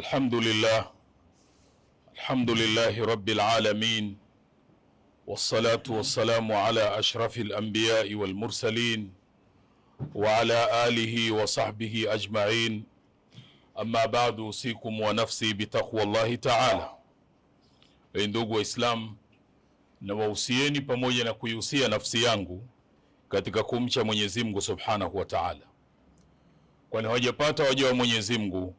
الحمد لله الحمد لله رب العالمين والصلاة والسلام على أشرف الأنبياء والمرسلين وعلى آله وصحبه أجمعين أما بعد أوصيكم ونفسي بتقوى الله تعالى Ndugu دوغو na wahusieni pamoja na kuihusia nafsi yangu katika kumcha Mwenyezi Mungu subhanahu wa taala, kwani hawajapata waja wa Mwenyezi Mungu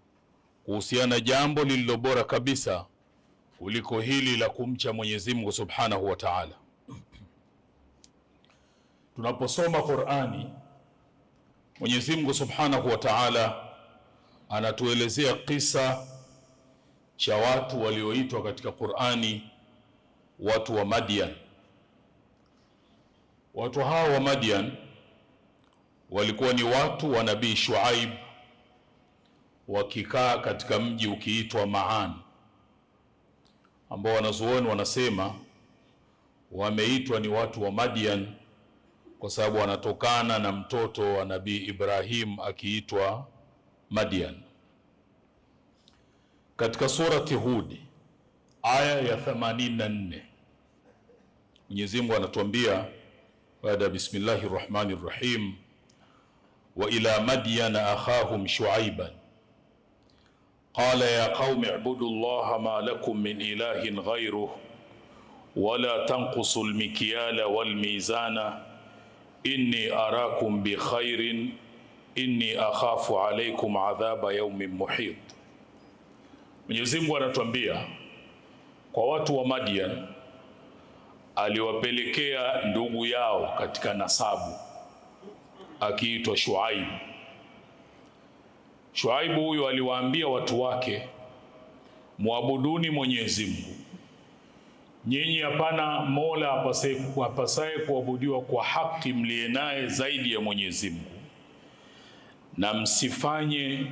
kuhusiana jambo lililo bora kabisa kuliko hili la kumcha Mwenyezi Mungu Subhanahu wa Ta'ala. Tunaposoma Qur'ani, Mwenyezi Mungu Subhanahu wa Ta'ala anatuelezea kisa cha watu walioitwa katika Qur'ani watu wa Madian. Watu hao wa Madian walikuwa ni watu wa Nabii Shuaib wakikaa katika mji ukiitwa maan ambao wanazuoni wanasema wameitwa ni watu wa Madian kwa sababu wanatokana na mtoto wa Nabii Ibrahim akiitwa Madian. Katika surati Hudi aya ya 84 Mwenyezi Mungu anatuambia baada ya bismillahi rahmani rahim, wa ila madyana akhahum shuaiban qala ya qaumi ibudu llaha ma lakum min ilahin ghairuh wala tanqusu lmikyala walmizana inni arakum bikhairin inni akhafu alaikum adhaba yaumin muhit. Mwenyezi Mungu anatuambia kwa watu wa Madian aliwapelekea ndugu yao katika nasabu akiitwa Shuaibu Shuaibu huyu aliwaambia watu wake, mwabuduni Mwenyezi Mungu, nyinyi hapana mola apasaye kuabudiwa kwa haki mliye naye zaidi ya Mwenyezi Mungu, na msifanye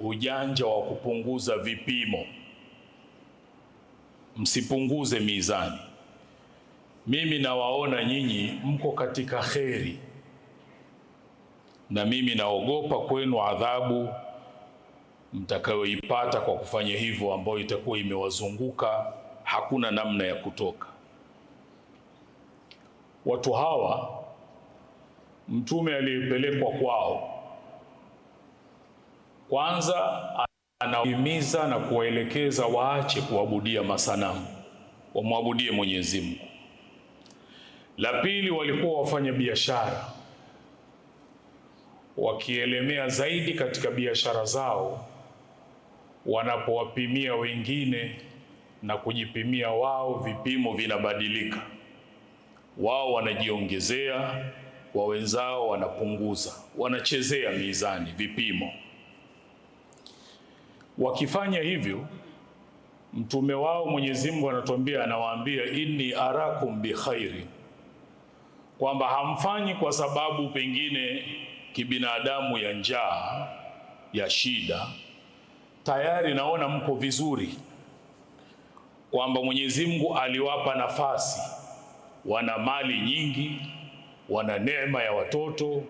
ujanja wa kupunguza vipimo, msipunguze mizani. Mimi nawaona nyinyi mko katika kheri, na mimi naogopa kwenu adhabu mtakayoipata kwa kufanya hivyo, ambayo itakuwa imewazunguka, hakuna namna ya kutoka. Watu hawa mtume aliyepelekwa kwao, kwanza anahimiza na kuwaelekeza waache kuabudia masanamu, wamwabudie Mwenyezi Mungu. La pili, walikuwa wafanya biashara, wakielemea zaidi katika biashara zao wanapowapimia wengine na kujipimia wao, vipimo vinabadilika. Wao wanajiongezea, wa wenzao wanapunguza, wanachezea mizani, vipimo. Wakifanya hivyo, mtume wao Mwenyezi Mungu anatuambia, anawaambia inni arakum bi khairi, kwamba hamfanyi kwa sababu pengine kibinadamu ya njaa ya shida tayari naona mko vizuri, kwamba Mwenyezi Mungu aliwapa nafasi, wana mali nyingi, wana neema ya watoto,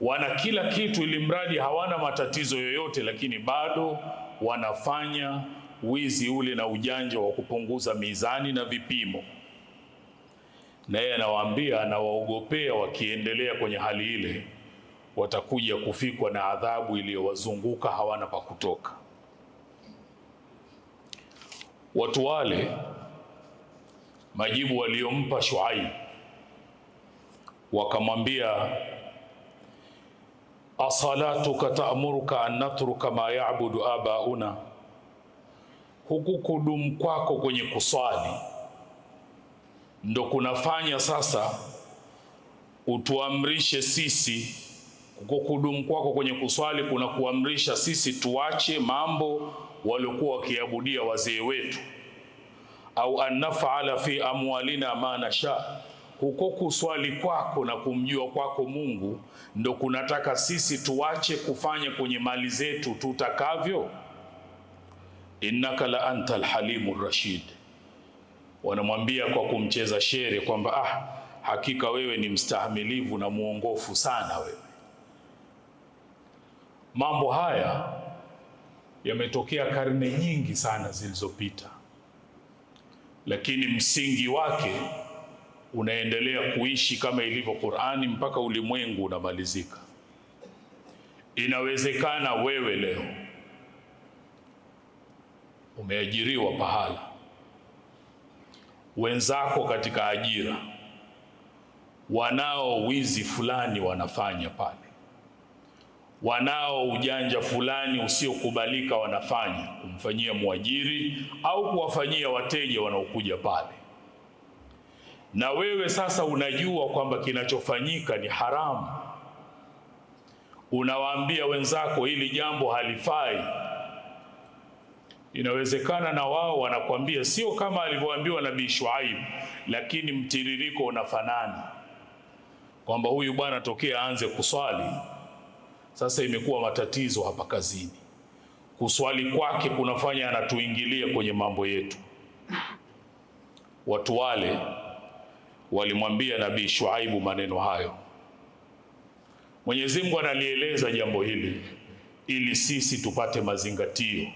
wana kila kitu, ili mradi hawana matatizo yoyote, lakini bado wanafanya wizi ule na ujanja wa kupunguza mizani na vipimo. na yeye anawaambia, anawaogopea wakiendelea kwenye hali ile watakuja kufikwa na adhabu iliyowazunguka, hawana pa kutoka watu wale majibu waliompa Shuaib, wakamwambia asalatuka taamuruka an natruka ma yaabudu abauna, huku kudumu kwako kwenye kuswali ndo kunafanya sasa utuamrishe sisi, huku kudumu kwako kwenye kuswali kuna kuamrisha sisi tuache mambo waliokuwa wakiabudia wazee wetu, au an fi amwalina ma nasha. Huko kuswali kwako na kumjua kwako Mungu ndo kunataka sisi tuache kufanya kwenye mali zetu tutakavyo. Innaka la anta alhalimu rashid, wanamwambia kwa kumcheza shere kwamba ah, hakika wewe ni mstahamilivu na muongofu sana wewe. Mambo haya yametokea karne nyingi sana zilizopita, lakini msingi wake unaendelea kuishi kama ilivyo Qur'ani mpaka ulimwengu unamalizika. Inawezekana wewe leo umeajiriwa pahala, wenzako katika ajira wanao wizi fulani wanafanya pale wanao ujanja fulani usiokubalika wanafanya kumfanyia mwajiri au kuwafanyia wateja wanaokuja pale, na wewe sasa unajua kwamba kinachofanyika ni haramu, unawaambia wenzako hili jambo halifai. Inawezekana na wao wanakwambia sio kama alivyoambiwa Nabii Shuaib, lakini mtiririko unafanana kwamba huyu bwana tokea aanze kuswali sasa imekuwa matatizo hapa kazini. Kuswali kwake kunafanya anatuingilia kwenye mambo yetu. Watu wale walimwambia Nabii Shuaibu maneno hayo. Mwenyezi Mungu analieleza jambo hili ili sisi tupate mazingatio,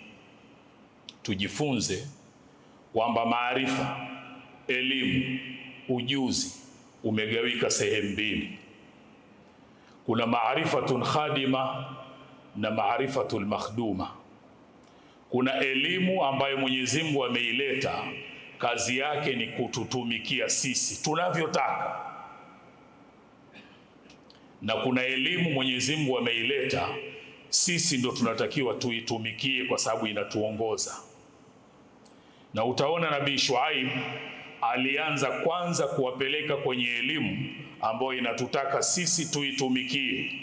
tujifunze kwamba maarifa, elimu, ujuzi umegawika sehemu mbili kuna maarifatun khadima na maarifatul makhduma. Kuna elimu ambayo Mwenyezi Mungu ameileta, kazi yake ni kututumikia sisi tunavyotaka, na kuna elimu Mwenyezi Mungu ameileta, sisi ndo tunatakiwa tuitumikie, kwa sababu inatuongoza. Na utaona Nabii Shuaib alianza kwanza kuwapeleka kwenye elimu ambayo inatutaka sisi tuitumikie,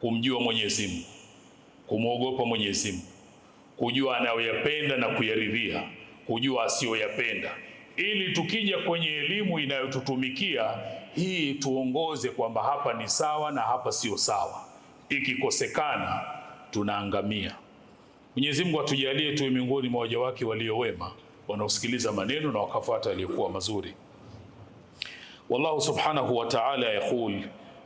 kumjua Mwenyezi Mungu, kumwogopa Mwenyezi Mungu, kujua anayoyapenda na kuyaridhia, kujua asiyoyapenda, ili tukija kwenye elimu inayotutumikia hii tuongoze kwamba hapa ni sawa na hapa sio sawa. Ikikosekana tunaangamia. Mwenyezi Mungu atujalie tuwe miongoni mwa waja wake walio wema wanaosikiliza maneno na wakafuata yaliyokuwa mazuri. Wallahu subhanahu wa ta'ala yaqul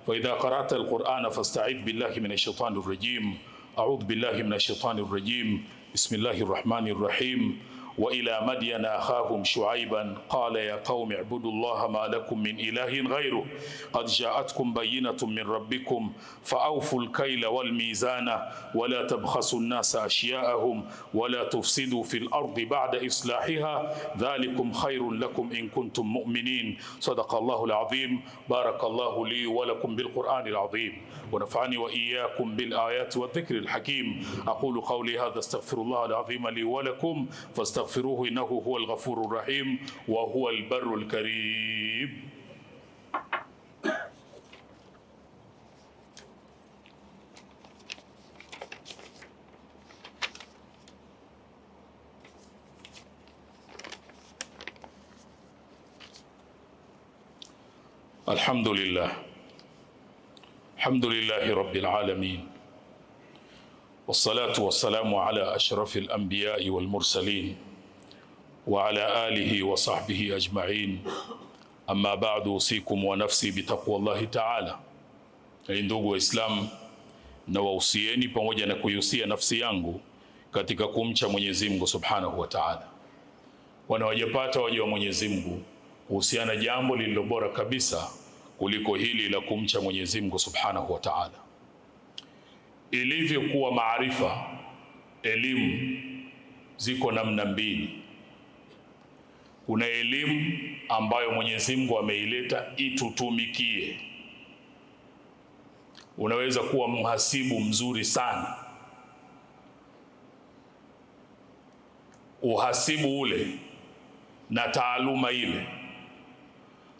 fa idha qara'ta alqur'ana fasta'id billahi minash shaitani rrajim a'udhu billahi minash shaitani rrajim bismillahir rahmanir rahim وإلى مدين أخاهم شعيبا قال يا قوم اعبدوا الله ما لكم من إله غيره قد جاءتكم بينة من ربكم فأوفوا الكيل والميزان ولا تبخسوا الناس أشياءهم ولا تفسدوا في الأرض بعد إصلاحها ذلكم خير لكم إن كنتم مؤمنين صدق الله العظيم بارك الله لي ولكم بالقرآن العظيم ونفعني وإياكم بالآيات والذكر الحكيم أقول قولي هذا استغفر الله العظيم لي ولكم فاستغفر فاستغفروه إنه هو الغفور الرحيم وهو البر الكريم الحمد لله الحمد لله رب العالمين والصلاه والسلام على اشرف الانبياء والمرسلين wa ala alihi wa sahbihi ajma'in amma ba'du, usikum wa nafsi bitaqwallahi ta'ala. Ni ndugu waislam na pamoja na kuiusia nafsi yangu katika kumcha Mwenyezi Mungu subhanahu wa ta'ala. Wanawajapata waja wa Mwenyezi Mungu kuhusiana jambo lililo bora kabisa kuliko hili la kumcha Mwenyezi Mungu subhanahu wa ta'ala, ilivyokuwa maarifa, elimu ziko namna mbili kuna elimu ambayo Mwenyezi Mungu ameileta itutumikie. Unaweza kuwa mhasibu mzuri sana, uhasibu ule na taaluma ile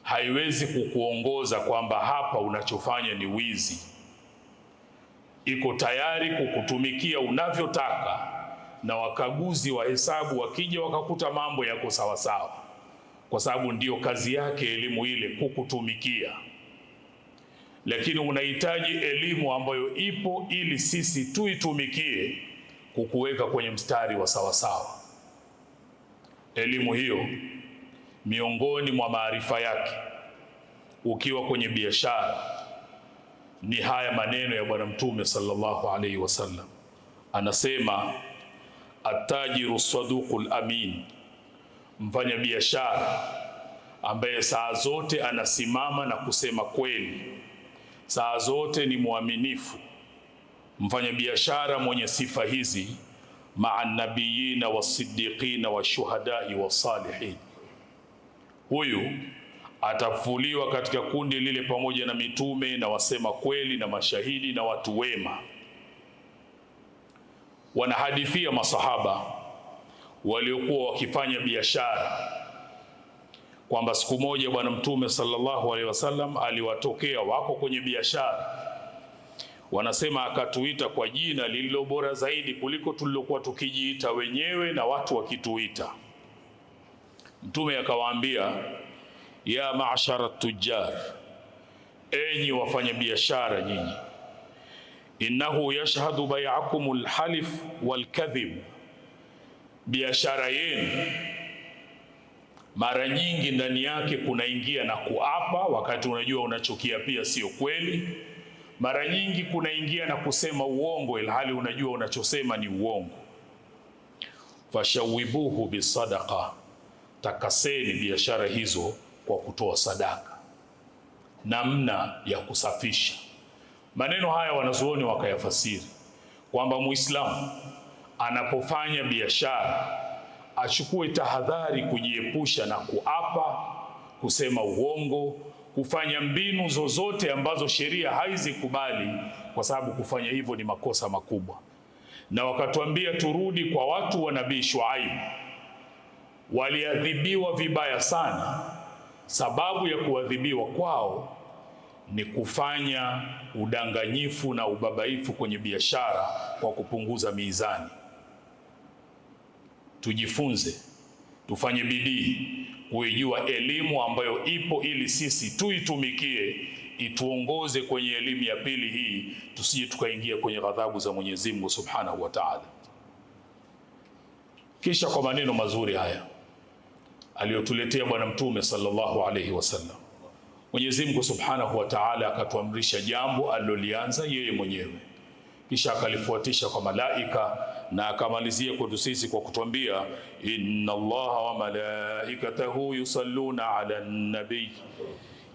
haiwezi kukuongoza kwamba hapa unachofanya ni wizi. Iko tayari kukutumikia unavyotaka, na wakaguzi wa hesabu wakija wakakuta mambo yako sawasawa kwa sababu ndiyo kazi yake elimu ile, kukutumikia. Lakini unahitaji elimu ambayo ipo ili sisi tuitumikie kukuweka kwenye mstari wa sawasawa. Elimu hiyo miongoni mwa maarifa yake, ukiwa kwenye biashara, ni haya maneno ya Bwana Mtume sallallahu alaihi wasallam, anasema atajiru saduqul amin mfanyabiashara ambaye saa zote anasimama na kusema kweli, saa zote ni mwaminifu, mfanyabiashara mwenye sifa hizi maa nabiyina wasiddiqina washuhadai wasalihin, huyu atafuliwa katika kundi lile pamoja na mitume na wasema kweli na mashahidi na watu wema. Wanahadithia masahaba waliokuwa wakifanya biashara kwamba siku moja Bwana Mtume sallallahu alaihi wasallam aliwatokea wako kwenye biashara, wanasema akatuita kwa jina lililo bora zaidi kuliko tulilokuwa tukijiita wenyewe na watu wakituita. Mtume akawaambia, ya maashara tujar, enyi wafanya biashara nyinyi, innahu yashhadu bai'akum alhalif walkadhib biashara yenu, mara nyingi ndani yake kunaingia na kuapa, wakati unajua unachokiapia sio kweli. Mara nyingi kunaingia na kusema uongo, ilhali unajua unachosema ni uongo. Fashawibuhu bisadaka takaseni biashara hizo kwa kutoa sadaka, namna ya kusafisha. Maneno haya wanazuoni wakayafasiri kwamba Muislamu anapofanya biashara achukue tahadhari kujiepusha na kuapa, kusema uongo, kufanya mbinu zozote ambazo sheria haizikubali, kwa sababu kufanya hivyo ni makosa makubwa. Na wakatuambia turudi kwa watu wa Nabii Shuaib, waliadhibiwa vibaya sana. Sababu ya kuadhibiwa kwao ni kufanya udanganyifu na ubabaifu kwenye biashara kwa kupunguza mizani tujifunze, tufanye bidii kuijua elimu ambayo ipo, ili sisi tuitumikie, ituongoze kwenye elimu ya pili hii, tusije tukaingia kwenye ghadhabu za Mwenyezi Mungu Subhanahu wa Ta'ala. Kisha kwa maneno mazuri haya aliyotuletea Bwana Mtume sallallahu alayhi wasallam, Mwenyezi Mungu Subhanahu wa Ta'ala akatuamrisha jambo alilolianza yeye mwenyewe, kisha akalifuatisha kwa malaika na akamalizia kwetu sisi kwa kutuambia inna Allah wa malaikatahu yusalluna ala nabiy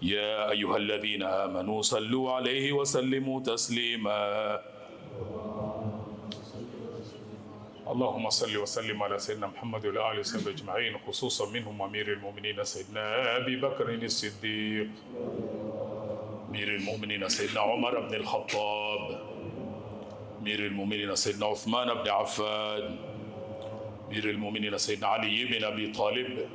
ya ayuha alladhina amanu sallu alayhi wa sallimu taslima. اللهم صل وسلم على سيدنا محمد وعلى اله وصحبه اجمعين خصوصا منهم امير المؤمنين سيدنا ابي بكر الصديق امير المؤمنين سيدنا عمر بن الخطاب أمير المؤمنين سيدنا عثمان بن عفان أمير المؤمنين سيدنا علي بن أبي طالب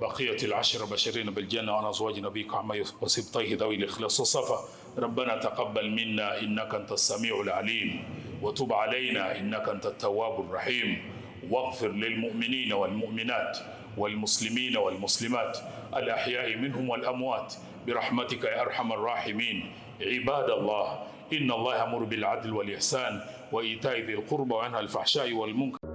بقية العشر بشرين بالجنة وأنا أزواج نبيك عما وسبطيه ذوي الإخلاص والصفا ربنا تقبل منا إنك أنت السميع العليم وتب علينا إنك أنت التواب الرحيم واغفر للمؤمنين والمؤمنات والمسلمين والمسلمات الأحياء منهم والأموات برحمتك يا أرحم الراحمين عباد الله إن الله يأمر بالعدل والإحسان وإيتاء ذي القربى وينهى الفحشاء والمنكر